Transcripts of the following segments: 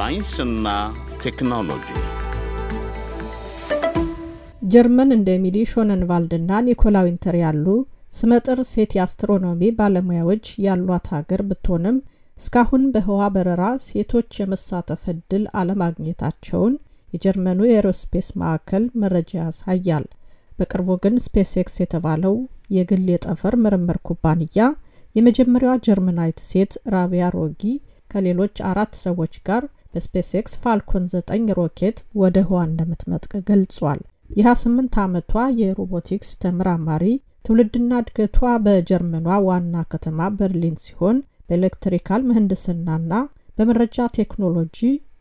ሳይንስና ቴክኖሎጂ ጀርመን እንደ ሚሊ እና ኒኮላ ዊንተር ያሉ ስመጥር ሴት የአስትሮኖሚ ባለሙያዎች ያሏት ሀገር ብትሆንም እስካሁን በህዋ በረራ ሴቶች የመሳተፍ እድል አለማግኘታቸውን የጀርመኑ የኤሮስፔስ ማዕከል መረጃ ያሳያል። በቅርቡ ግን ስፔስ ኤክስ የተባለው የግል የጠፈር ምርምር ኩባንያ የመጀመሪያዋ ጀርመናዊት ሴት ራቢያ ሮጊ ከሌሎች አራት ሰዎች ጋር በስፔስክስ ኤክስ ፋልኮን 9 ሮኬት ወደ ህዋ እንደምትመጥቅ ገልጿል። የ28 ዓመቷ የሮቦቲክስ ተመራማሪ ትውልድና እድገቷ በጀርመኗ ዋና ከተማ በርሊን ሲሆን በኤሌክትሪካል ምህንድስናና በመረጃ ቴክኖሎጂ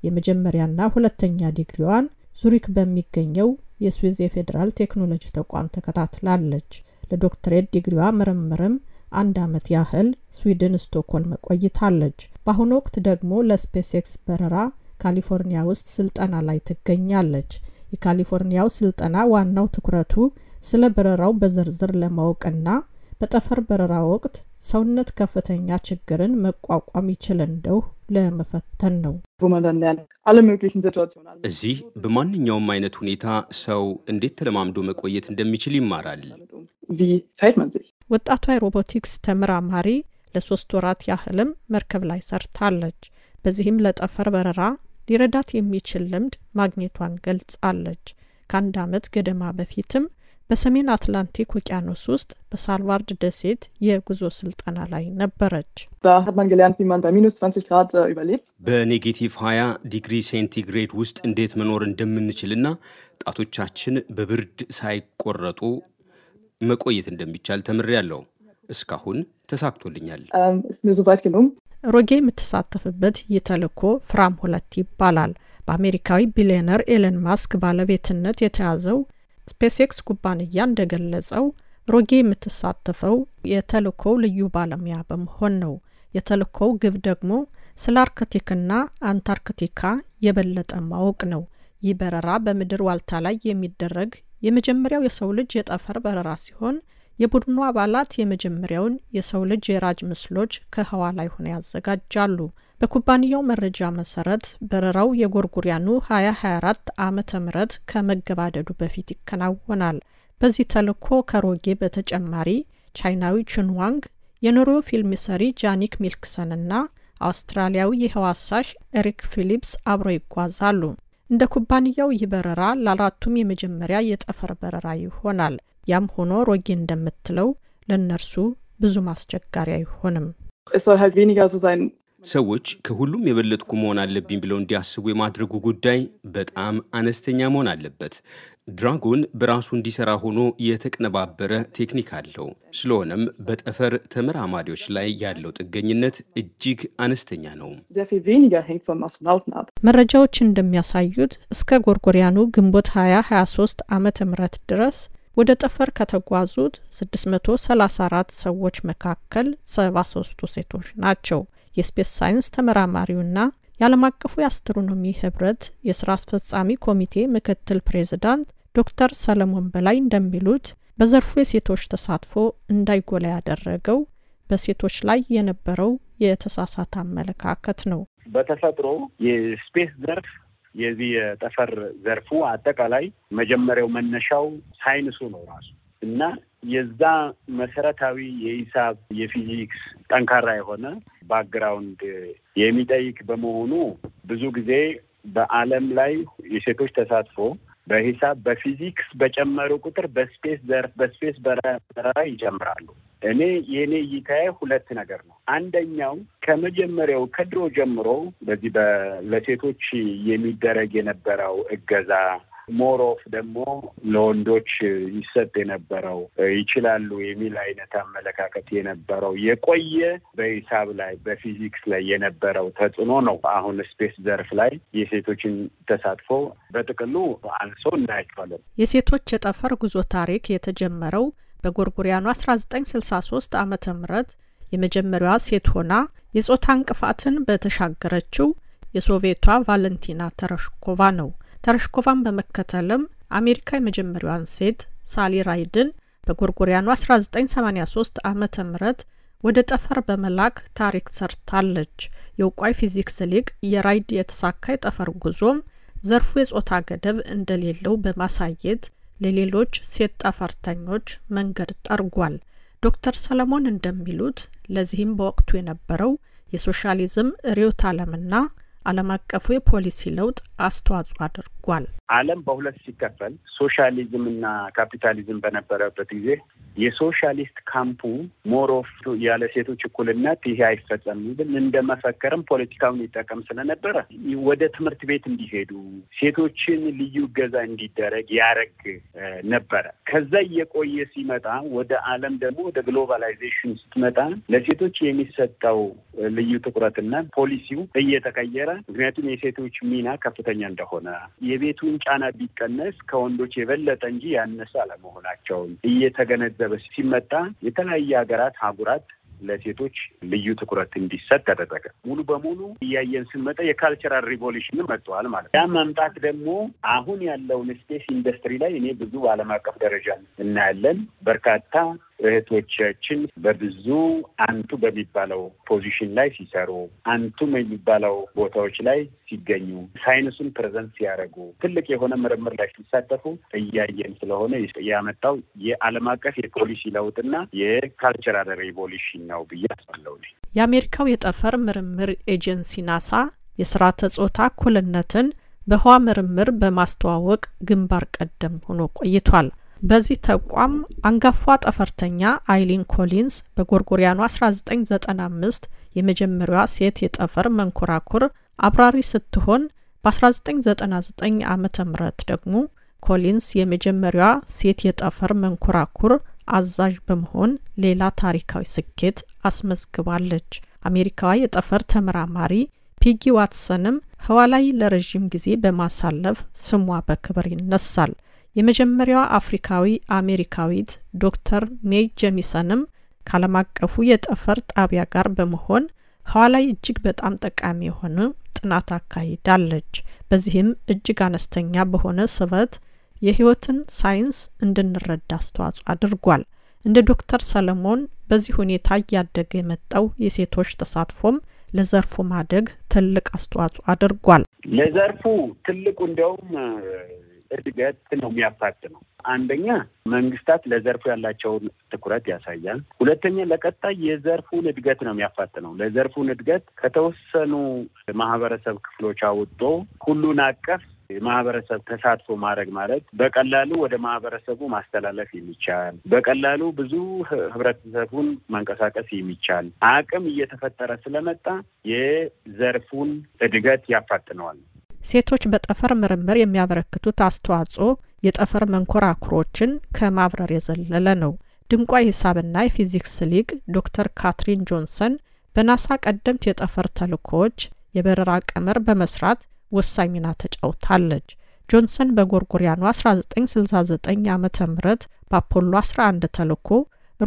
የመጀመሪያና ሁለተኛ ዲግሪዋን ዙሪክ በሚገኘው የስዊዝ የፌዴራል ቴክኖሎጂ ተቋም ተከታትላለች። ለዶክትሬት ዲግሪዋ ምርምርም አንድ ዓመት ያህል ስዊድን ስቶኮልም ቆይታለች። በአሁኑ ወቅት ደግሞ ለስፔስ ኤክስ በረራ ካሊፎርኒያ ውስጥ ስልጠና ላይ ትገኛለች። የካሊፎርኒያው ስልጠና ዋናው ትኩረቱ ስለ በረራው በዝርዝር ለማወቅና በጠፈር በረራ ወቅት ሰውነት ከፍተኛ ችግርን መቋቋም ይችል እንደው ለመፈተን ነው። እዚህ በማንኛውም አይነት ሁኔታ ሰው እንዴት ተለማምዶ መቆየት እንደሚችል ይማራል። ወጣቷ የሮቦቲክስ ተመራማሪ ለሶስት ወራት ያህልም መርከብ ላይ ሰርታለች። በዚህም ለጠፈር በረራ ሊረዳት የሚችል ልምድ ማግኘቷን ገልጻለች። ከአንድ ዓመት ገደማ በፊትም በሰሜን አትላንቲክ ውቅያኖስ ውስጥ በሳልቫርድ ደሴት የጉዞ ስልጠና ላይ ነበረች። በኔጌቲቭ 20 ዲግሪ ሴንቲግሬድ ውስጥ እንዴት መኖር እንደምንችልና ጣቶቻችን በብርድ ሳይቆረጡ መቆየት እንደሚቻል ተምሬያለሁ። እስካሁን ተሳክቶልኛል። ሮጌ የምትሳተፍበት ይህ ፍራም ሁለት ይባላል። በአሜሪካዊ ቢሊዮነር ኤለን ማስክ ባለቤትነት የተያዘው ስፔስኤክስ ኩባንያ እንደገለጸው ሮጌ የምትሳተፈው የተልዕኮው ልዩ ባለሙያ በመሆን ነው። የተልኮው ግብ ደግሞ ስለ አርክቲክና አንታርክቲካ የበለጠ ማወቅ ነው። ይህ በረራ በምድር ዋልታ ላይ የሚደረግ የመጀመሪያው የሰው ልጅ የጠፈር በረራ ሲሆን የቡድኑ አባላት የመጀመሪያውን የሰው ልጅ የራጅ ምስሎች ከህዋ ላይ ሆነው ያዘጋጃሉ። በኩባንያው መረጃ መሰረት በረራው የጎርጎሪያኑ 2024 ዓመተ ምህረት ከመገባደዱ በፊት ይከናወናል። በዚህ ተልእኮ ከሮጌ በተጨማሪ ቻይናዊ ቹንዋንግ፣ የኖርዌ ፊልም ሰሪ ጃኒክ ሚልክሰን እና አውስትራሊያዊ የህዋሳሽ ኤሪክ ፊሊፕስ አብረው ይጓዛሉ። እንደ ኩባንያው ይህ በረራ ለአራቱም የመጀመሪያ የጠፈር በረራ ይሆናል። ያም ሆኖ ሮጌ እንደምትለው ለእነርሱ ብዙም አስቸጋሪ አይሆንም። ሰዎች ከሁሉም የበለጥኩ መሆን አለብኝ ብለው እንዲያስቡ የማድረጉ ጉዳይ በጣም አነስተኛ መሆን አለበት። ድራጎን በራሱ እንዲሰራ ሆኖ የተቀነባበረ ቴክኒክ አለው። ስለሆነም በጠፈር ተመራማሪዎች ላይ ያለው ጥገኝነት እጅግ አነስተኛ ነው። መረጃዎች እንደሚያሳዩት እስከ ጎርጎሪያኑ ግንቦት 2023 ዓመተ ምት ድረስ ወደ ጠፈር ከተጓዙት 634 ሰዎች መካከል 73ቱ ሴቶች ናቸው። የስፔስ ሳይንስ ተመራማሪውና የዓለም አቀፉ የአስትሮኖሚ ህብረት የሥራ አስፈጻሚ ኮሚቴ ምክትል ፕሬዝዳንት ዶክተር ሰለሞን በላይ እንደሚሉት በዘርፉ የሴቶች ተሳትፎ እንዳይጎላ ያደረገው በሴቶች ላይ የነበረው የተሳሳተ አመለካከት ነው። በተፈጥሮ የስፔስ ዘርፍ የዚህ የጠፈር ዘርፉ አጠቃላይ መጀመሪያው መነሻው ሳይንሱ ነው ራሱ እና የዛ መሰረታዊ የሂሳብ የፊዚክስ ጠንካራ የሆነ ባክግራውንድ የሚጠይቅ በመሆኑ ብዙ ጊዜ በዓለም ላይ የሴቶች ተሳትፎ በሂሳብ በፊዚክስ በጨመሩ ቁጥር በስፔስ ዘርፍ በስፔስ በረራ ይጨምራሉ። እኔ የእኔ እይታዬ ሁለት ነገር ነው። አንደኛው ከመጀመሪያው ከድሮ ጀምሮ በዚህ ለሴቶች የሚደረግ የነበረው እገዛ ሞር ኦፍ ደግሞ ለወንዶች ይሰጥ የነበረው ይችላሉ የሚል አይነት አመለካከት የነበረው የቆየ በሂሳብ ላይ በፊዚክስ ላይ የነበረው ተጽዕኖ ነው። አሁን ስፔስ ዘርፍ ላይ የሴቶችን ተሳትፎ በጥቅሉ አንሶ እናያቸዋለን። የሴቶች የጠፈር ጉዞ ታሪክ የተጀመረው በጎርጎሪያኑ 1963 ዓመተ ምህረት የመጀመሪያዋ ሴት ሆና የጾታ እንቅፋትን በተሻገረችው የሶቪየቷ ቫለንቲና ተረሽኮቫ ነው። ተረሽኮቫን በመከተልም አሜሪካ የመጀመሪያዋን ሴት ሳሊ ራይድን በጎርጎሪያኑ 1983 ዓ ም ወደ ጠፈር በመላክ ታሪክ ሰርታለች። የውቋይ ፊዚክስ ሊቅ የራይድ የተሳካ የጠፈር ጉዞም ዘርፉ የጾታ ገደብ እንደሌለው በማሳየት ለሌሎች ሴት ጠፈርተኞች መንገድ ጠርጓል። ዶክተር ሰለሞን እንደሚሉት ለዚህም በወቅቱ የነበረው የሶሻሊዝም ርዕዮተ ዓለምና ዓለም አቀፉ የፖሊሲ ለውጥ አስተዋጽኦ አድርጓል አድርጓል። ዓለም በሁለት ሲከፈል ሶሻሊዝም እና ካፒታሊዝም በነበረበት ጊዜ የሶሻሊስት ካምፑ ሞሮፍ ያለ ሴቶች እኩልነት ይሄ አይፈጸም ግን እንደመፈከርም ፖለቲካውን ይጠቀም ስለነበረ ወደ ትምህርት ቤት እንዲሄዱ ሴቶችን ልዩ ገዛ እንዲደረግ ያረግ ነበረ። ከዛ እየቆየ ሲመጣ ወደ ዓለም ደግሞ ወደ ግሎባላይዜሽን ስትመጣ ለሴቶች የሚሰጠው ልዩ ትኩረትና ፖሊሲው እየተቀየረ ምክንያቱም የሴቶች ሚና ከፍተኛ እንደሆነ የቤቱን ጫና ቢቀነስ ከወንዶች የበለጠ እንጂ ያነሰ አለመሆናቸውን እየተገነዘበ ሲመጣ የተለያየ ሀገራት አህጉራት ለሴቶች ልዩ ትኩረት እንዲሰጥ ተደረገ። ሙሉ በሙሉ እያየን ስንመጣ የካልቸራል ሪቮሉሽን መጥተዋል ማለት ነው። ያ መምጣት ደግሞ አሁን ያለውን ስፔስ ኢንዱስትሪ ላይ እኔ ብዙ በዓለም አቀፍ ደረጃ እናያለን። በርካታ እህቶቻችን በብዙ አንቱ በሚባለው ፖዚሽን ላይ ሲሰሩ፣ አንቱ የሚባለው ቦታዎች ላይ ሲገኙ፣ ሳይንሱን ፕሬዘንት ሲያደርጉ፣ ትልቅ የሆነ ምርምር ላይ ሲሳተፉ እያየን ስለሆነ ያመጣው የዓለም አቀፍ የፖሊሲ ለውጥና የካልቸራል ሬቮሉሽን ነው ብዬ አስባለሁ። የአሜሪካው የጠፈር ምርምር ኤጀንሲ ናሳ የስርዓተ ጾታ እኩልነትን በህዋ ምርምር በማስተዋወቅ ግንባር ቀደም ሆኖ ቆይቷል። በዚህ ተቋም አንጋፋ ጠፈርተኛ አይሊን ኮሊንስ በጎርጎሪያኑ 1995 የመጀመሪያዋ ሴት የጠፈር መንኮራኩር አብራሪ ስትሆን በ1999 ዓ ም ደግሞ ኮሊንስ የመጀመሪያዋ ሴት የጠፈር መንኮራኩር አዛዥ በመሆን ሌላ ታሪካዊ ስኬት አስመዝግባለች። አሜሪካዋ የጠፈር ተመራማሪ ፒጊ ዋትሰንም ህዋ ላይ ለረዥም ጊዜ በማሳለፍ ስሟ በክብር ይነሳል። የመጀመሪያዋ አፍሪካዊ አሜሪካዊት ዶክተር ሜይ ጀሚሰንም ከዓለም አቀፉ የጠፈር ጣቢያ ጋር በመሆን ህዋ ላይ እጅግ በጣም ጠቃሚ የሆነ ጥናት አካሂዳለች። በዚህም እጅግ አነስተኛ በሆነ ስበት የህይወትን ሳይንስ እንድንረዳ አስተዋጽኦ አድርጓል። እንደ ዶክተር ሰለሞን በዚህ ሁኔታ እያደገ የመጣው የሴቶች ተሳትፎም ለዘርፉ ማደግ ትልቅ አስተዋጽኦ አድርጓል። ለዘርፉ ትልቁ እንዲያውም እድገት ነው የሚያፋጥነው ነው። አንደኛ መንግስታት ለዘርፉ ያላቸውን ትኩረት ያሳያል። ሁለተኛ ለቀጣይ የዘርፉን እድገት ነው የሚያፋጥነው። ነው። ለዘርፉን እድገት ከተወሰኑ ማህበረሰብ ክፍሎች አውጥቶ ሁሉን አቀፍ የማህበረሰብ ተሳትፎ ማድረግ ማለት በቀላሉ ወደ ማህበረሰቡ ማስተላለፍ የሚቻል በቀላሉ ብዙ ህብረተሰቡን ማንቀሳቀስ የሚቻል አቅም እየተፈጠረ ስለመጣ የዘርፉን እድገት ያፋጥነዋል። ሴቶች በጠፈር ምርምር የሚያበረክቱት አስተዋጽኦ የጠፈር መንኮራኩሮችን ከማብረር የዘለለ ነው። ድንቋ የሂሳብና የፊዚክስ ሊቅ ዶክተር ካትሪን ጆንሰን በናሳ ቀደምት የጠፈር ተልእኮዎች የበረራ ቀመር በመስራት ወሳኝ ሚና ተጫውታለች። ጆንሰን በጎርጎሪያኑ 1969 ዓ ም በአፖሎ 11 ተልእኮ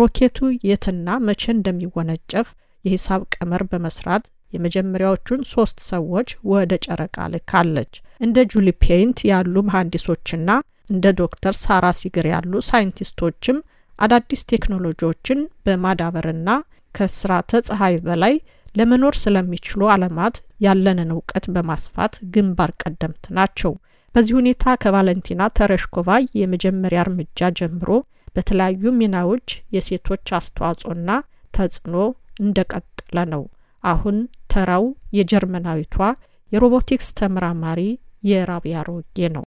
ሮኬቱ የትና መቼ እንደሚወነጨፍ የሂሳብ ቀመር በመስራት የመጀመሪያዎቹን ሶስት ሰዎች ወደ ጨረቃ ልካለች። እንደ ጁሊ ፔይንት ያሉ መሐንዲሶችና እንደ ዶክተር ሳራ ሲግር ያሉ ሳይንቲስቶችም አዳዲስ ቴክኖሎጂዎችን በማዳበርና ከስራተ ፀሐይ በላይ ለመኖር ስለሚችሉ ዓለማት ያለንን እውቀት በማስፋት ግንባር ቀደምት ናቸው። በዚህ ሁኔታ ከቫለንቲና ተረሽኮቫ የመጀመሪያ እርምጃ ጀምሮ በተለያዩ ሚናዎች የሴቶች አስተዋጽኦና ተጽዕኖ እንደቀጠለ ነው። አሁን ተራው የጀርመናዊቷ የሮቦቲክስ ተመራማሪ የራቢያ ሮጌ ነው።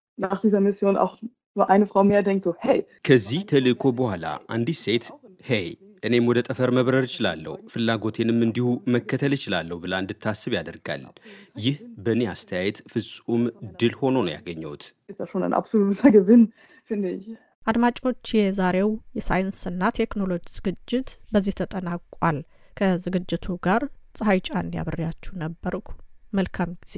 ከዚህ ተልእኮ በኋላ አንዲት ሴት ሄይ እኔም ወደ ጠፈር መብረር እችላለሁ፣ ፍላጎቴንም እንዲሁ መከተል እችላለሁ ብላ እንድታስብ ያደርጋል። ይህ በእኔ አስተያየት ፍጹም ድል ሆኖ ነው ያገኘሁት። አድማጮች፣ የዛሬው የሳይንስና ቴክኖሎጂ ዝግጅት በዚህ ተጠናቋል። ከዝግጅቱ ጋር ፀሐይ ጫን ያብሬያችሁ ነበርኩ። መልካም ጊዜ